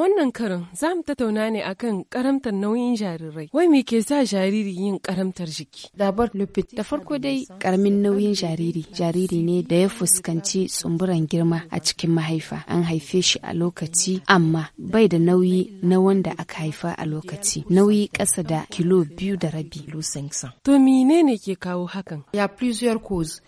wannan karin za mu tattauna ne akan karamtar nauyin jarirai. Wai me ke sa jariri yin karamtar jiki? Da farko dai karamin nauyin jariri, jariri ne da ya fuskanci tsumburan girma a cikin mahaifa. An haife shi a lokaci amma bai da nauyi na wanda aka haifa a lokaci. Nauyi ƙasa da kilo biyu da rabi. To menene ke kawo hakan? Ya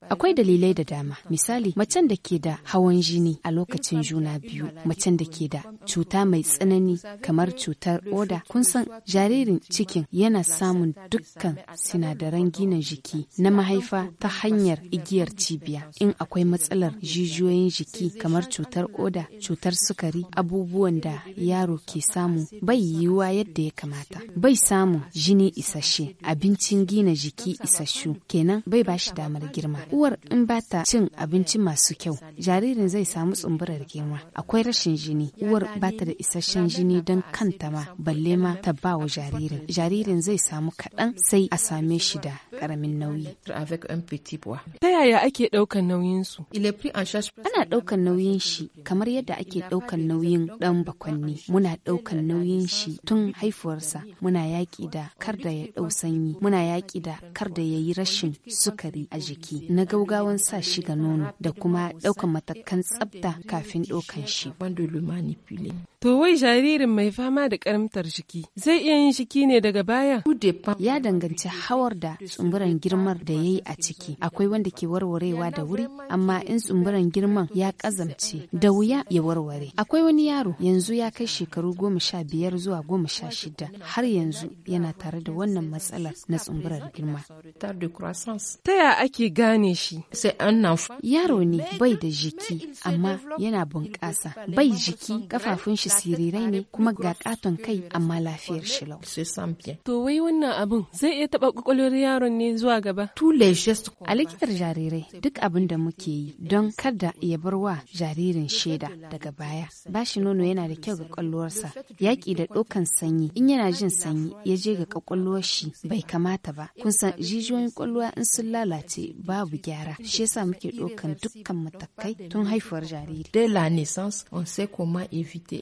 Akwai dalilai da dama. Misali, macen da ke da hawan jini a lokacin juna biyu, macen da ke da cuta mai mai tsanani kamar cutar oda kun san jaririn cikin yana samun dukkan sinadaran gina jiki na mahaifa ta hanyar igiyar cibiya in akwai matsalar jijiyoyin jiki kamar cutar oda cutar sukari abubuwan da yaro ke samu bai yiwuwa yadda ya kamata bai samu jini isasshe abincin gina jiki isasshu kenan bai bashi damar girma uwar in ba ta cin abinci masu kyau jaririn zai samu tsumburar girma akwai rashin jini uwar ba ta da isa isasshen jini don kanta ma balle ma ta ba wa jaririn jaririn zai samu kaɗan sai a same shi da ƙaramin nauyi ta yaya ake ɗaukan nauyinsu ana ɗaukan nauyin shi kamar yadda ake ɗaukan nauyin ɗan bakwanni muna ɗaukan nauyin shi tun haifuwarsa muna yaƙi da kar da ya ɗau sanyi muna yaƙi da kar da ya yi rashin sukari a jiki na gaugawan sa shi ga nono da kuma ɗaukan matakan tsabta kafin ɗaukan shi to wai jaririn mai fama da karamtar jiki zai iya yin jiki ne daga baya? Ya danganci hawar da tsumburan girmar da ya yi a ciki. Akwai wanda ke warwarewa da wuri, amma in tsumburan girman ya kazamce da wuya ya warware. Akwai wani yaro yanzu ya kai shekaru goma sha biyar zuwa goma sha shida har yanzu yana tare da wannan matsalar na tsumburar girma. Ta ya ake gane shi? Yaro ne bai da jiki amma yana bunƙasa. Bai jiki kafafun shi su jarirai ne kuma ga katon kai amma lafiyar shi lau. To wai wannan abun zai iya taɓa ƙwaƙwalwar yaron ne zuwa gaba? A likitar jarirai duk abin da muke yi don kada ya bar wa jaririn shaida daga baya. Bashi nono yana da kyau ga ƙwaƙwalwarsa. Yaƙi da ɗaukan sanyi in yana jin sanyi ya je ga ƙwaƙwalwar shi bai kamata ba. Kun san jijiyoyin ƙwaƙwalwa in sun lalace babu gyara. Shi yasa muke ɗaukan dukkan matakai tun haifuwar jariri. dela la naissance, on sait comment éviter